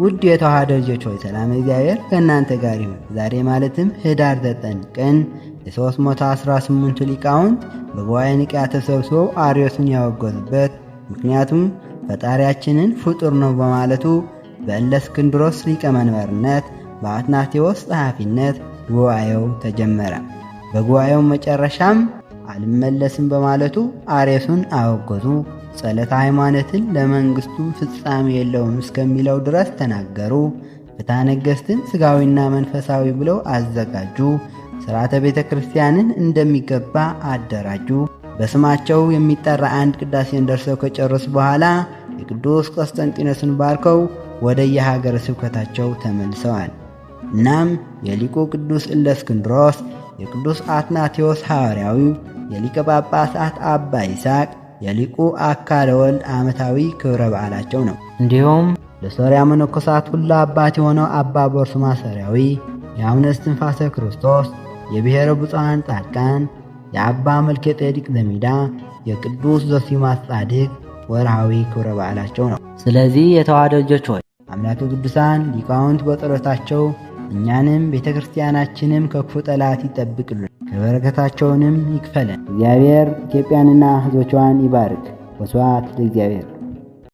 ውድ የተዋህዶ ልጆች ሆይ ሰላም እግዚአብሔር ከእናንተ ጋር ይሁን። ዛሬ ማለትም ህዳር ዘጠን ቀን የ318ቱ ሊቃውንት በጉባኤ ንቅያ ተሰብስበው አርዮስን ያወገዙበት፣ ምክንያቱም ፈጣሪያችንን ፍጡር ነው በማለቱ በእለስክንድሮስ ሊቀ መንበርነት በአትናቴዎስ ጸሐፊነት ጉባኤው ተጀመረ። በጉባኤው መጨረሻም አልመለስም በማለቱ አርዮስን አወገዙ። ጸሎተ ሃይማኖትን ለመንግሥቱ ፍጻሜ የለውም እስከሚለው ድረስ ተናገሩ። ፍትሐ ነገሥትን ሥጋዊና መንፈሳዊ ብለው አዘጋጁ። ሥርዓተ ቤተ ክርስቲያንን እንደሚገባ አደራጁ። በስማቸው የሚጠራ አንድ ቅዳሴን ደርሰው ከጨረሱ በኋላ የቅዱስ ቆስጠንጢኖስን ባርከው ወደ የሀገረ ስብከታቸው ተመልሰዋል። እናም የሊቁ ቅዱስ እለእስክንድሮስ፣ የቅዱስ አትናቴዎስ ሐዋርያዊ፣ የሊቀ ጳጳሳት አባ ይስሐቅ የሊቁ አካ ወልድ ዓመታዊ ክብረ በዓላቸው ነው። እንዲሁም ለሶርያ መነኮሳት ሁሉ አባት የሆነው አባ ቦርሱማ ሶርያዊ፣ የአቡነ እስትንፋሰ ክርስቶስ፣ የብሔረ ብፁዓን ጻድቃን፣ የአባ መልከ ጼዴቅ ዘሚዳ፣ የቅዱስ ዞሲማስ ጻድቅ ወርሃዊ ክብረ በዓላቸው ነው። ስለዚህ የተዋደ ልጆች ሆይ አምላከ ቅዱሳን ሊቃውንት በጸሎታቸው እኛንም ቤተ ክርስቲያናችንም ከክፉ ጠላት ይጠብቅልን። ከበረከታቸውንም ይክፈለን። እግዚአብሔር ኢትዮጵያንና ሕዝቦቿን ይባርክ። ወስብሐት ለእግዚአብሔር።